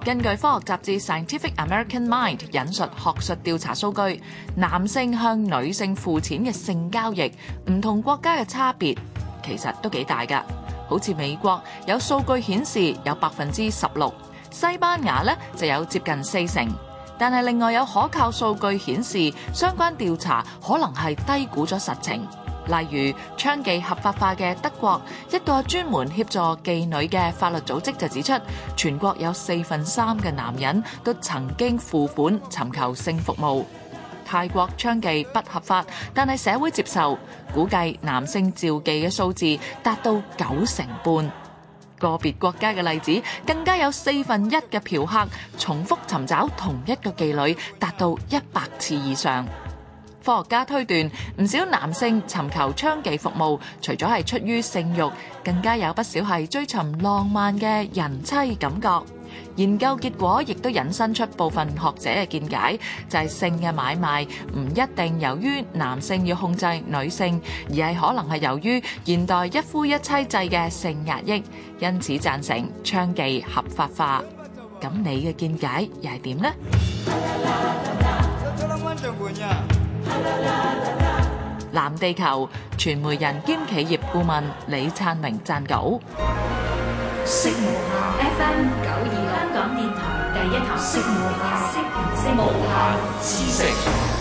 根據科學雜誌 Scientific American Mind 引述學術調查數據，男性向女性付錢嘅性交易，唔同國家嘅差別其實都幾大㗎。好似美國有數據顯示有百分之十六，西班牙咧就有接近四成。但係另外有可靠數據顯示，相關調查可能係低估咗實情。例如娼妓合法化嘅德國，一個專門協助妓女嘅法律組織就指出，全國有四分三嘅男人都曾經付款尋求性服務。泰國娼妓不合法，但係社會接受，估計男性召妓嘅數字達到九成半。個別國家嘅例子，更加有四分一嘅嫖客重複尋找同一個妓女達到一百次以上。科學家推斷，唔少男性尋求娼妓服務，除咗係出於性慾，更加有不少係追尋浪漫嘅人妻感覺。研究結果亦都引申出部分學者嘅見解，就係性嘅買賣唔一定由於男性要控制女性，而係可能係由於現代一夫一妻制嘅性壓抑。因此贊成娼妓合法化。咁你嘅見解又係點呢？藍地球傳媒人兼企業顧問李燦榮撰稿。F M 九二，香港電台第一台。